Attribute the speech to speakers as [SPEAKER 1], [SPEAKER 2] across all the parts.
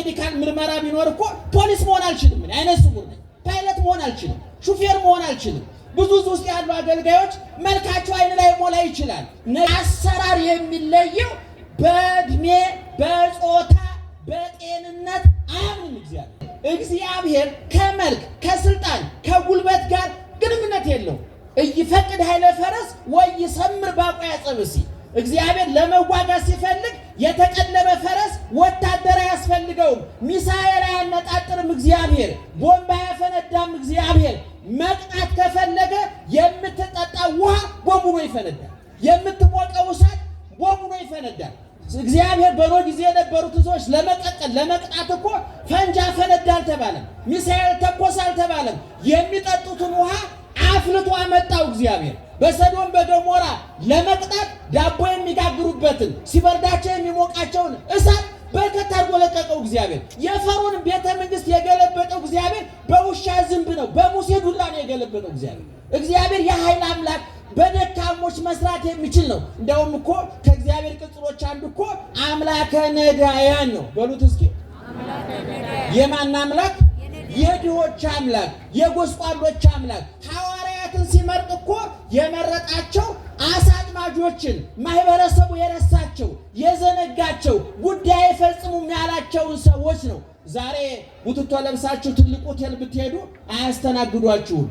[SPEAKER 1] ሜዲካል ምርመራ ቢኖር እኮ ፖሊስ መሆን አልችልም፣ እኔ አይነ ስውር ነኝ። ፓይለት መሆን አልችልም፣ ሹፌር መሆን አልችልም። ብዙ ውስጥ ያሉ አገልጋዮች መልካቸው አይን ላይ ሞላ ይችላል። አሰራር የሚለየው በእድሜ በጾታ በጤንነት አምን እግዚአብሔር እግዚአብሔር ከመልክ ከስልጣን ከጉልበት ጋር ግንኙነት የለው። እይፈቅድ ኃይለ ፈረስ ወይ ሰምር ባቋ ያጸብሲ እግዚአብሔር ለመዋጋት ሲፈልግ የተቀለበ ፈረስ ወታደር አያስፈልገውም። ሚሳኤል አያነጣጥርም እግዚአብሔር፣ ቦምብ አያፈነዳም እግዚአብሔር። መቅጣት ከፈለገ የምትጠጣ ውሃ ቦምብ ነው ይፈነዳል። የምትሞቀው እሳት ቦምብ ነው ይፈነዳል። እግዚአብሔር በኖ ጊዜ የነበሩትን ሰዎች ለመቀጠል ለመቅጣት እኮ ፈንጂ አፈነዳ አልተባለም፣ ሚሳኤል ተኮሰ አልተባለም። የሚጠጡትን ውሃ አፍልቶ አመጣው እግዚአብሔር። በሰዶም በገሞራ ለመቅጣት ዳቦ የሚያድሩበትን ሲበርዳቸው የሚሞቃቸውን እሳት በርከት አድርጎ ለቀቀው። እግዚአብሔር የፈሮን ቤተ መንግስት የገለበጠው እግዚአብሔር በውሻ ዝንብ ነው፣ በሙሴ ዱላ ነው የገለበጠው እግዚአብሔር። እግዚአብሔር የኃይል አምላክ በደካሞች መስራት የሚችል ነው። እንደውም እኮ ከእግዚአብሔር ቅጽሮች አንዱ እኮ አምላከ ነዳያን ነው። በሉት እስኪ የማን አምላክ? የድሆች አምላክ፣ የጎስቋሎች አምላክ። ሐዋርያትን ሲመርጥ እኮ የመረጣቸው አሳ አጥማጆችን ማህበረሰቡ የረሳቸው የዘነጋቸው ጉዳይ ፈጽሙም ያላቸውን ሰዎች ነው። ዛሬ ቡትቶ ለብሳችሁ ትልቅ ሆቴል ብትሄዱ አያስተናግዷችሁም።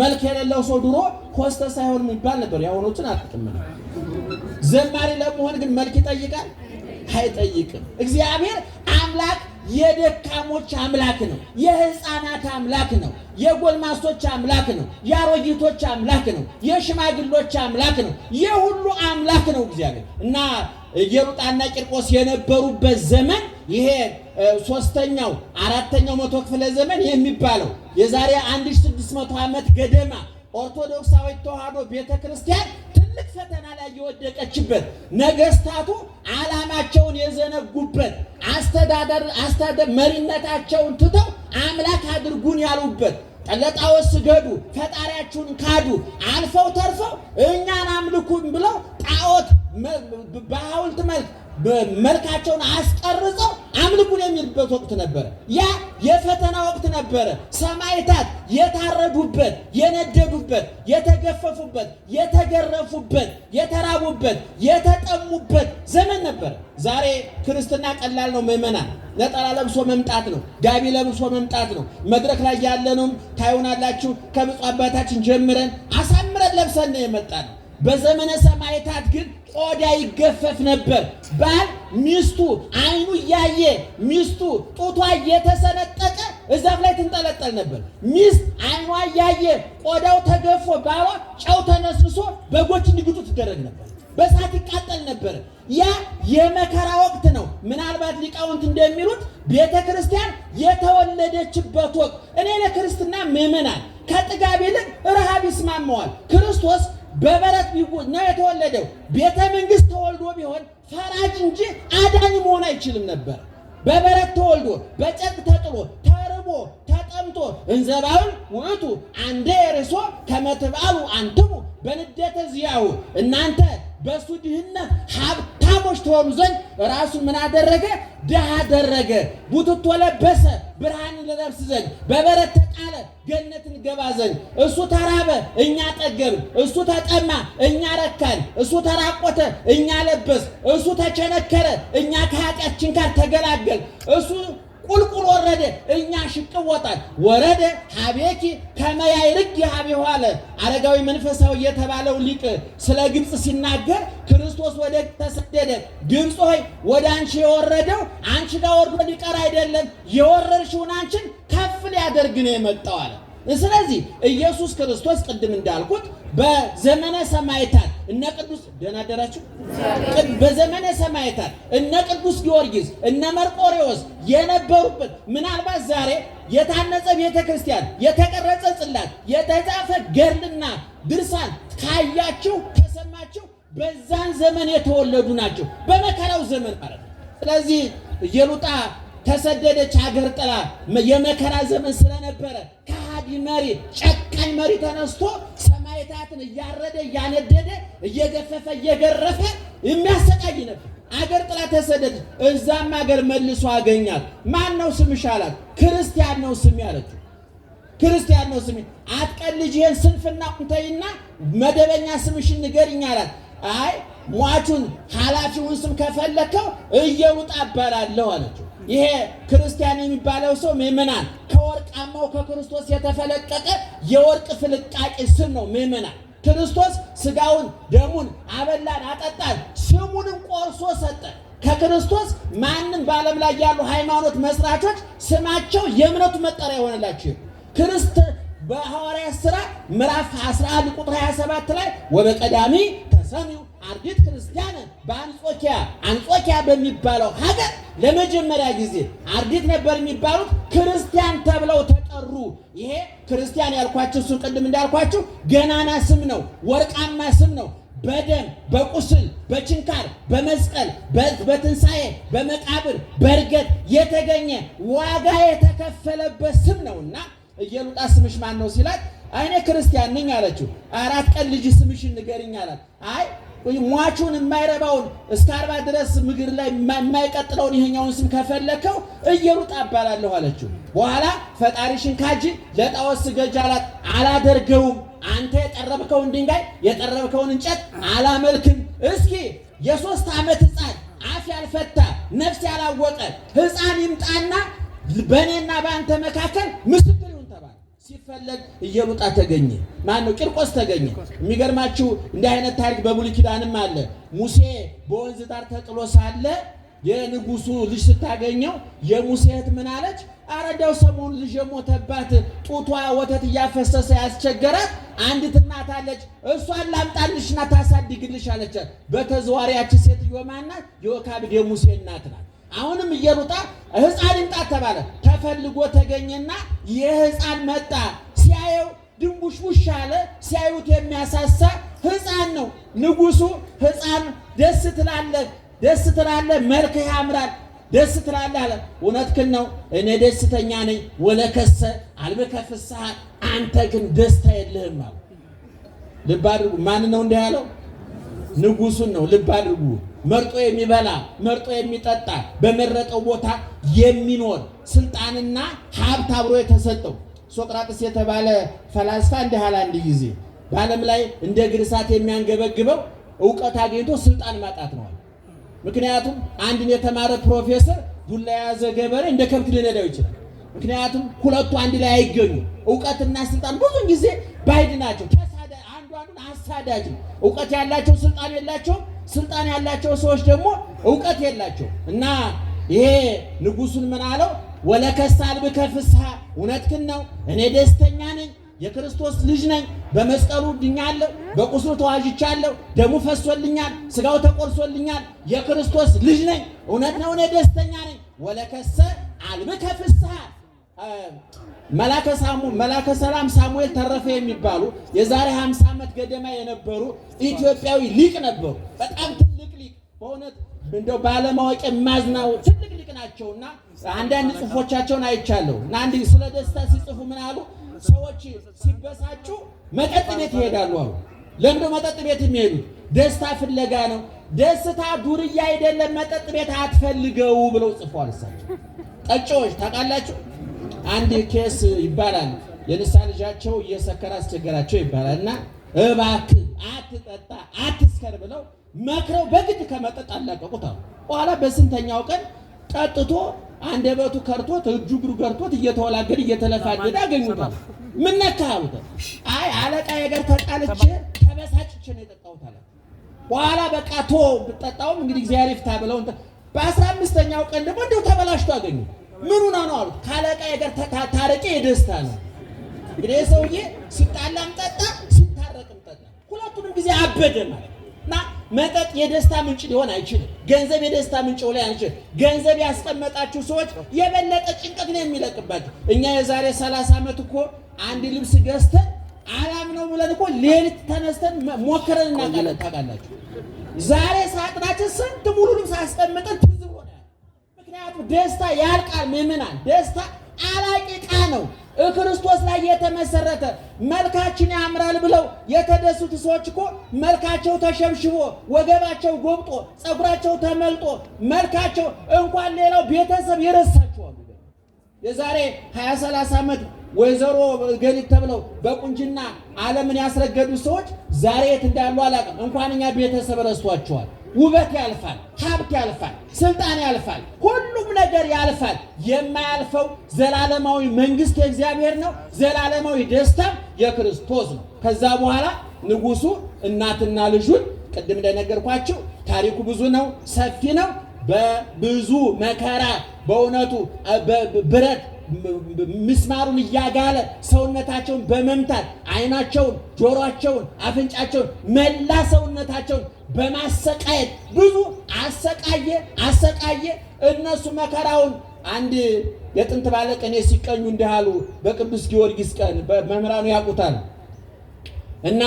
[SPEAKER 1] መልክ የሌለው ሰው ድሮ ኮስተ ሳይሆን የሚባል ነበር። ያሁኖችን አጥቅም ዘማሪ ለመሆን ግን መልክ ይጠይቃል? አይጠይቅም። እግዚአብሔር አምላክ የደካሞች አምላክ ነው። የህፃናት አምላክ ነው። የጎልማሶች አምላክ ነው። የአሮጊቶች አምላክ ነው። የሽማግሎች አምላክ ነው። የሁሉ አምላክ ነው እግዚአብሔር እና ኢየሩጣና ቂርቆስ የነበሩበት ዘመን ይሄ ሶስተኛው አራተኛው መቶ ክፍለ ዘመን የሚባለው የዛሬ 1600 ዓመት ገደማ ኦርቶዶክሳዊ ተዋህዶ ቤተክርስቲያን ትልቅ ፈተና ላይ የወደቀችበት ነገስታቱ ዓላማቸውን የዘነጉበት አስተዳደር አስተዳደር መሪነታቸውን ትተው አምላክ አድርጉን ያሉበት ለጣዖት ስገዱ፣ ፈጣሪያችሁን ካዱ። አልፈው ተርፈው እኛን አምልኩን ብለው ጣዖት በሐውልት መልክ መልካቸውን አስቀርጸው አምልኩን የሚልበት ወቅት ነበረ። ያ የፈተና ወቅት ነበረ። ሰማዕታት የታረዱበት፣ የነደዱበት፣ የተገፈፉበት፣ የተገረፉበት፣ የተራቡበት፣ የተጠሙበት ዘመን ነበረ። ዛሬ ክርስትና ቀላል ነው። ምዕመናን ነጠላ ለብሶ መምጣት ነው። ጋቢ ለብሶ መምጣት ነው። መድረክ ላይ ያለነውም ታዩናላችሁ። ከብፁዕ አባታችን ጀምረን አሳምረን ለብሰን ነው የመጣነው። በዘመነ ሰማዕታት ግን ቆዳ ይገፈፍ ነበር። ባል ሚስቱ አይኑ እያየ ሚስቱ ጡቷ እየተሰነጠቀ እዛፍ ላይ ትንጠለጠል ነበር። ሚስት አይኗ እያየ ቆዳው ተገፎ ባሏ ጨው ተነስንሶ በጎች እንዲግጡ ትደረግ ነበር። በእሳት ይቃጠል ነበር። ያ የመከራ ወቅት ነው። ምናልባት ሊቃውንት እንደሚሉት ቤተ ክርስቲያን የተወለደችበት ወቅት። እኔ ለክርስትና ምዕመናን ከጥጋብ ይልቅ ረሃብ ይስማማዋል። ክርስቶስ በበረት ነው የተወለደው። ቤተ መንግስት ተወልዶ ቢሆን ፈራጅ እንጂ አዳኝ መሆን አይችልም ነበር። በበረት ተወልዶ በጨርቅ ተጥሎ ተርቦ ተጠምቶ እንዘባውን ውእቱ አንደ ርሶ ከመትባሉ አንትሙ በንደተ ዚያው እናንተ በሱ ድህነት ሀብት ሀብታሞች ትሆኑ ዘንድ ራሱን ምን አደረገ? ድሃ አደረገ። ቡትቶ ለበሰ፣ ብርሃን እንለብስ ዘንድ በበረት ተጣለ፣ ገነትን ገባ ዘንድ። እሱ ተራበ፣ እኛ ጠገብ። እሱ ተጠማ፣ እኛ ረካን። እሱ ተራቆተ፣ እኛ ለበስ። እሱ ተቸነከረ፣ እኛ ከኃጢአት ችንካር ተገላገል። እሱ ቁልቁል ወረደ፣ እኛ ሽቅብ ወጣን። ወረደ ሀቤኪ ከመያይ ርግ የሀቤ አረጋዊ መንፈሳዊ የተባለው ሊቅ ስለ ግብፅ ሲናገር ክርስቶስ ወደ ተሰደደ፣ ግብፅ ሆይ ወደ አንቺ የወረደው አንቺ ጋር ወርዶ ሊቀር አይደለም፣ የወረድሽውን አንቺን ከፍ ሊያደርግ ነው የመጣው አለ። ስለዚህ ኢየሱስ ክርስቶስ ቅድም እንዳልኩት በዘመነ ሰማዕታት እነ ቅዱስ ደህና አደራችሁ። በዘመነ ሰማዕታት እነ ቅዱስ ጊዮርጊስ እነ መርቆሬዎስ የነበሩበት ምናልባት ዛሬ የታነጸ ቤተ ክርስቲያን፣ የተቀረጸ ጽላት፣ የተጻፈ ገድልና ድርሳን ካያችሁ ከሰማችሁ በዛን ዘመን የተወለዱ ናቸው፣ በመከራው ዘመን ማለት ነው። ስለዚህ ኢየሉጣ ተሰደደች ሀገር ጥላ። የመከራ ዘመን ስለነበረ ከሃዲ መሪ፣ ጨካኝ መሪ ተነስቶ ሰይጣንን እያረደ እያነደደ እየገፈፈ እየገረፈ የሚያሰቃይ ነበር። አገር ጥላ ተሰደደ። እዛም አገር መልሶ አገኛት። ማን ነው ስምሽ አላት። ክርስቲያን ነው ስም ያለችው። ክርስቲያን ነው ስሜ። አትቀልጅ፣ ይህን ስንፍና ቁንተይና መደበኛ ስምሽን ንገሪኝ አላት። አይ ሟቹን ኃላፊውን ስም ከፈለከው እየሩጣ እባላለሁ አለችው። ይሄ ክርስቲያን የሚባለው ሰው ምእመናን ከወርቃማው ከክርስቶስ የተፈለቀቀ የወርቅ ፍልቃቄ ስም ነው። ምእመናን ክርስቶስ ስጋውን ደሙን አበላን አጠጣን፣ ስሙንም ቆርሶ ሰጠ። ከክርስቶስ ማንም በዓለም ላይ ያሉ ሃይማኖት መስራቾች ስማቸው የእምነቱ መጠሪያ የሆነላቸው ክርስት በሐዋርያ ሥራ ምዕራፍ 11 ቁጥር 27 ላይ ወበቀዳሚ ተሰሚው አንዲት ክርስቲያን በአንጾኪያ አንጾኪያ በሚባለው ሀገር ለመጀመሪያ ጊዜ አርዲት ነበር የሚባሉት ክርስቲያን ተብለው ተጠሩ። ይሄ ክርስቲያን ያልኳችሁ እሱን ቅድም እንዳልኳችሁ ገናና ስም ነው፣ ወርቃማ ስም ነው። በደም በቁስል በችንካር በመስቀል በትንሣኤ በመቃብር በእርገት የተገኘ ዋጋ የተከፈለበት ስም እና እየሉጣ ስምሽ ማን ነው ሲላት፣ አይኔ ክርስቲያን ነኝ አለችው። አራት ቀን ልጅ ስምሽን ንገሪኝ አላት። አይ ሟቹን የማይረባውን እስከ አርባ ድረስ ምግር ላይ የማይቀጥለውን ይሄኛውን ስም ከፈለከው እየሩጣ አባላለሁ አለችው። በኋላ ፈጣሪሽን ካጅ ለጣዖት ስገጂ አላት። አላደርገውም አንተ የጠረብከውን ድንጋይ የጠረብከውን እንጨት አላመልክም። እስኪ የሶስት ዓመት ህፃን አፍ ያልፈታ ነፍስ ያላወቀ ህፃን ይምጣና በእኔና በአንተ መካከል ምስ ሲፈለግ እየሉጣ ተገኘ። ማን ነው? ቂርቆስ ተገኘ። የሚገርማችሁ እንዲህ አይነት ታሪክ በብሉይ ኪዳንም አለ። ሙሴ በወንዝ ዳር ተጥሎ ሳለ የንጉሱ ልጅ ስታገኘው የሙሴ እህት ምን አለች? አረዳው ሰሞኑን ልጅ የሞተባት ጡቷ ወተት እያፈሰሰ ያስቸገራት አንዲት እናት አለች። እሷን ላምጣልሽና ታሳድግልሽ አለቻት። በተዘዋሪያች ሴትዮ ማናት? የወካብድ የሙሴ እናት ናት። አሁንም እየሩጣ ህፃን ይምጣት ተባለ። ተፈልጎ ተገኘና የህፃን መጣ። ሲያየው ድንቡሽቡሽ አለ። ሲያዩት የሚያሳሳ ህፃን ነው። ንጉሱ ህፃን ደስ ትላለ ደስ ትላለ መልክ ያምራል ደስ ትላለ አለ እውነትህን ነው፣ እኔ ደስተኛ ነኝ። ወለከሰ አልበከፍሳ አንተ ግን ደስታ የለህም አለ። ልብ አድርጉ። ማን ነው እንዲህ ያለው? ንጉሱን ነው። ልብ አድርጉ። መርጦ የሚበላ መርጦ የሚጠጣ በመረጠው ቦታ የሚኖር ስልጣንና ሀብት አብሮ የተሰጠው ሶቅራጥስ የተባለ ፈላስፋ እንዲህ አለ አንድ ጊዜ በዓለም ላይ እንደ እግር እሳት የሚያንገበግበው እውቀት አግኝቶ ስልጣን ማጣት ነው። ምክንያቱም አንድን የተማረ ፕሮፌሰር ዱላ የያዘ ገበሬ እንደ ከብት ሊነዳው ይችላል። ምክንያቱም ሁለቱ አንድ ላይ አይገኙ። እውቀትና ስልጣን ብዙን ጊዜ ባይድ ናቸው፣ አንዱ አሳዳጅ ነው። እውቀት ያላቸው ስልጣን የላቸውም፣ ስልጣን ያላቸው ሰዎች ደግሞ እውቀት የላቸው እና ይሄ ንጉሱን ምን አለው? ወለከሳ አልብከ ፍስሐ እውነትህን ነው። እኔ ደስተኛ ነኝ፣ የክርስቶስ ልጅ ነኝ። በመስቀሉ ድኛለሁ፣ በቁስሉ ተዋዥቻለሁ፣ ደሙ ፈሶልኛል፣ ስጋው ተቆርሶልኛል። የክርስቶስ ልጅ ነኝ፣ እውነት ነው። እኔ ደስተኛ ነኝ። ወለከሰ አልብከ ፍስሐ መላከ ሰላም ሳሙኤል ተረፈ የሚባሉ የዛሬ 50 ዓመት ገደማ የነበሩ ኢትዮጵያዊ ሊቅ ነበሩ። በጣም ትልቅ ሊቅ በእውነት እንደው ባለማወቅ የማዝናው ትልቅ ጻድቅ ናቸውና አንዳንድ ጽሁፎቻቸውን አይቻለሁ እና አንድ ስለ ደስታ ሲጽፉ ምን አሉ? ሰዎች ሲበሳጩ መጠጥ ቤት ይሄዳሉ አሉ። ለምዶ መጠጥ ቤት የሚሄዱት ደስታ ፍለጋ ነው። ደስታ ዱርዬ አይደለም፣ መጠጥ ቤት አትፈልገው ብለው ጽፏል። እሳቸው ጠጪዎች ታውቃላችሁ። አንድ ኬስ ይባላል የንሳ ልጃቸው እየሰከረ አስቸገራቸው ይባላል እና እባክህ አትጠጣ አትስከር ብለው መክረው በግድ ከመጠጥ አላቀቁት አሉ። በኋላ በስንተኛው ቀን ጠጥቶ አንደበቱ ከርቶት እጁ እግሩ ገርቶት እየተወላገደ እየተለፋገደ አገኙታል። ምን ነካህ አሉት። አይ አለቃ የገር ተጣልቼ ተበሳጭቼ ነው የጠጣሁት አለ። በኋላ በቃ ቶ ብጠጣውም እንግዲህ እግዚአብሔር ይፍታ ብለው በአስራ አምስተኛው ቀን ደግሞ እንደው ተበላሽቶ አገኙ። ምኑ ነው ነው አሉት። ካለቃ የገር ታረቄ የደስታ ነው። እንግዲህ ሰውዬ ሲጣላም ጠጣ፣ ሲታረቅም ጠጣ። ሁለቱንም ጊዜ አበደ ማለት መጠጥ የደስታ ምንጭ ሊሆን አይችልም። ገንዘብ የደስታ ምንጭ ላይ አንችል። ገንዘብ ያስቀመጣችሁ ሰዎች የበለጠ ጭንቀት ነው የሚለቅባችሁ። እኛ የዛሬ 30 ዓመት እኮ አንድ ልብስ ገዝተን አላም ብለን እኮ ሌሊት ተነስተን ሞክረን እናውቃለን። ታውቃላችሁ፣ ዛሬ ሳጥናችን ስንት ሙሉ ልብስ አስቀምጠን ትዝ ሆናል። ምክንያቱም ደስታ ያልቃል። ምምናል ደስታ አላቂ ዕቃ ነው። ክርስቶስ ላይ የተመሰረተ መልካችን ያምራል ብለው የተደሱት ሰዎች እኮ መልካቸው ተሸብሽቦ፣ ወገባቸው ጎብጦ፣ ፀጉራቸው ተመልጦ መልካቸው እንኳን ሌላው ቤተሰብ ይረሳቸዋል። የዛሬ 20 30 ዓመት ወይዘሮ ገሊት ተብለው በቁንጅና ዓለምን ያስረገዱ ሰዎች ዛሬ የት እንዳሉ አላውቅም። እንኳን እኛ ቤተሰብ ረስቷቸዋል። ውበት ያልፋል፣ ሀብት ያልፋል፣ ስልጣን ያልፋል፣ ሁሉም ነገር ያልፋል። የማያልፈው ዘላለማዊ መንግስት የእግዚአብሔር ነው። ዘላለማዊ ደስታ የክርስቶስ ነው። ከዛ በኋላ ንጉሱ እናትና ልጁን ቅድም እንደነገርኳቸው ታሪኩ ብዙ ነው፣ ሰፊ ነው። በብዙ መከራ በእውነቱ ብረት ምስማሩን እያጋለ ሰውነታቸውን በመምታት አይናቸውን ጆሯቸውን አፍንጫቸውን መላ ሰውነታቸውን በማሰቃየት ብዙ አሰቃየ አሰቃየ። እነሱ መከራውን አንድ የጥንት ባለቅኔ ሲቀኙ እንዲህ አሉ። በቅዱስ ጊዮርጊስ ቀን መምህራኑ ያውቁታል እና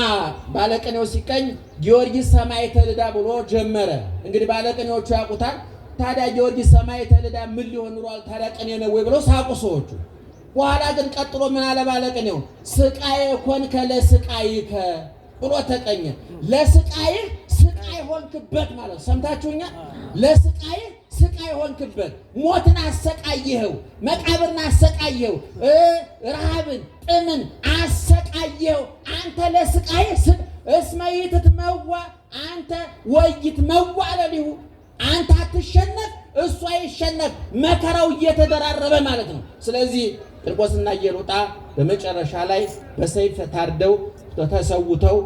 [SPEAKER 1] ባለቅኔው ሲቀኝ ጊዮርጊስ ሰማይ ተልዳ ብሎ ጀመረ። እንግዲህ ባለቅኔዎቹ ያውቁታል። ታዲያ ጊዮርጊስ ሰማዕተ ልዳ ምን ሊሆን ኑሯል? ታዲያ ቅኔ ነው ወይ ብለው ሳቁ ሰዎቹ። በኋላ ግን ቀጥሎ ምን አለ ባለቅኔው ስቃዬ ኮንከ ለስቃይከ ብሎ ተቀኘ። ለስቃይህ ስቃይ ሆንክበት ማለት ሰምታችሁኛ። ለስቃይህ ስቃይ ሆንክበት፣ ሞትን አሰቃየኸው፣ መቃብርን አሰቃየኸው፣ ረሃብን፣ ጥምን አሰቃየኸው። አንተ ለስቃይህ እስመ ይትትመዋ አንተ ወይትመዋ አለሊሁ አንተ አትሸነፍ፣ እሱ አይሸነፍ። መከራው እየተደራረበ ማለት ነው። ስለዚህ ቂርቆስና ኢየሉጣ በመጨረሻ ላይ በሰይፍ ታርደው ተሰውተው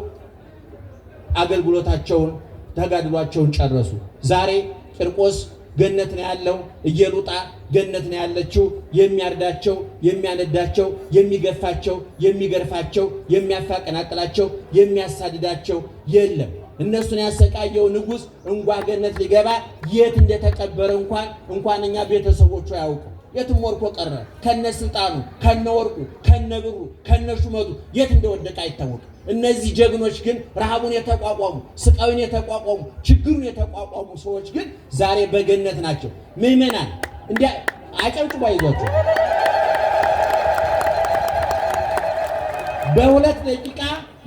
[SPEAKER 1] አገልግሎታቸውን ተጋድሏቸውን ጨረሱ። ዛሬ ቂርቆስ ገነት ነው ያለው፣ ኢየሉጣ ገነት ነው ያለችው። የሚያርዳቸው፣ የሚያነዳቸው፣ የሚገፋቸው፣ የሚገርፋቸው፣ የሚያፋቀናቅላቸው፣ የሚያሳድዳቸው የለም። እነሱን ያሰቃየው ንጉሥ እንጓገነት ሊገባ የት እንደተቀበረ እንኳን እንኳን እኛ ቤተሰቦቹ አያውቁ። የትም ወርቆ ቀረ ከነ ስልጣኑ ከነ ወርቁ ከነ ብሩ ከነ ሹመቱ የት እንደወደቀ አይታወቅ። እነዚህ ጀግኖች ግን ረሃቡን የተቋቋሙ ስቃዩን የተቋቋሙ ችግሩን የተቋቋሙ ሰዎች ግን ዛሬ በገነት ናቸው። ምዕመናን እንዲ አጨብጭባ ይዟቸው በሁለት ደቂቃ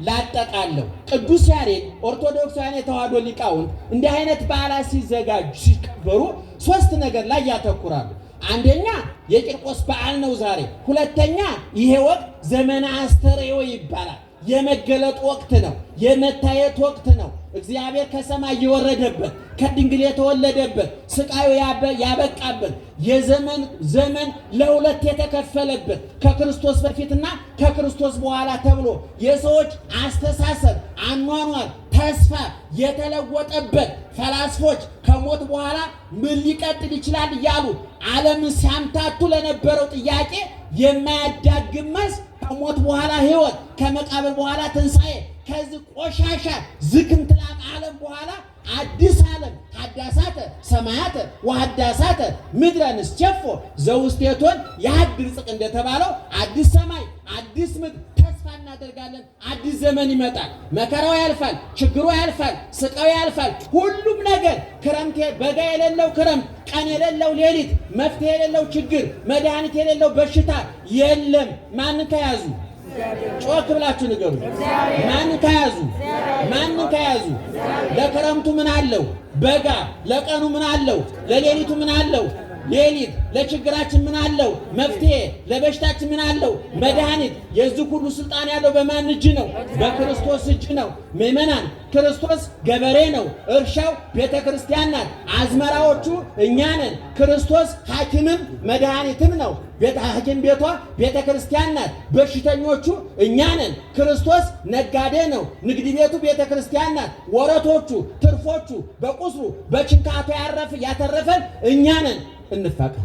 [SPEAKER 1] ላጠቃለሁ። ቅዱስ ያሬድ ኦርቶዶክሳውያን የተዋህዶ ሊቃውንት እንዲህ አይነት በዓላት ሲዘጋጁ ሲከበሩ ሶስት ነገር ላይ ያተኩራሉ። አንደኛ የቂርቆስ በዓል ነው ዛሬ። ሁለተኛ ይሄ ወቅት ዘመነ አስተርእዮ ይባላል። የመገለጥ ወቅት ነው። የመታየት ወቅት ነው። እግዚአብሔር ከሰማይ የወረደበት ከድንግል የተወለደበት ስቃዩ ያበቃበት የዘመን ዘመን ለሁለት የተከፈለበት ከክርስቶስ በፊትና ከክርስቶስ በኋላ ተብሎ የሰዎች አስተሳሰብ፣ አኗኗር፣ ተስፋ የተለወጠበት ፈላስፎች ከሞት በኋላ ምን ሊቀጥል ይችላል እያሉ ዓለምን ሲያምታቱ ለነበረው ጥያቄ የማያዳግም መልስ ከሞት በኋላ ህይወት፣ ከመቃብር በኋላ ትንሣኤ፣ ከዚህ ቆሻሻ ዝክንትላቅ ዓለም በኋላ አዲስ ዓለም ሀዳሳተ ሰማያተ ወሀዳሳተ ምድረ ንስቸፎ ዘውስቴቶን የሀድር ጽቅ እንደተባለው አዲስ ሰማይ አዲስ ምድር ተስፋ እናደርጋለን። አዲስ ዘመን ይመጣል። መከራው ያልፋል፣ ችግሩ ያልፋል፣ ስቃዩ ያልፋል። ሁሉም ነገር ክረምት በጋ የሌለው ክረምት ቀን የሌለው ሌሊት፣ መፍትሄ የሌለው ችግር፣ መድኃኒት የሌለው በሽታ የለም። ማንን ከያዙ? ጮክ ብላችሁ ንገሩ። ማንን ከያዙ? ማንን ከያዙ? ለክረምቱ ምን አለው በጋ? ለቀኑ ምን አለው? ለሌሊቱ ምን አለው? ሌሊት ለችግራችን ምን አለው መፍትሄ፣ ለበሽታችን ምን አለው መድኃኒት። የዚህ ሁሉ ስልጣን ያለው በማን እጅ ነው? በክርስቶስ እጅ ነው። ምእመናን፣ ክርስቶስ ገበሬ ነው። እርሻው ቤተ ክርስቲያን ናት። አዝመራዎቹ እኛ ነን። ክርስቶስ ሐኪምም መድኃኒትም ነው። ቤተ ሐኪም ቤቷ ቤተ ክርስቲያን ናት። በሽተኞቹ እኛ ነን። ክርስቶስ ነጋዴ ነው። ንግድ ቤቱ ቤተ ክርስቲያን ናት። ወረቶቹ፣ ትርፎቹ፣ በቁስሉ በችንካቱ ያረፍ ያተረፈን እኛ ነን። እንፋቀር።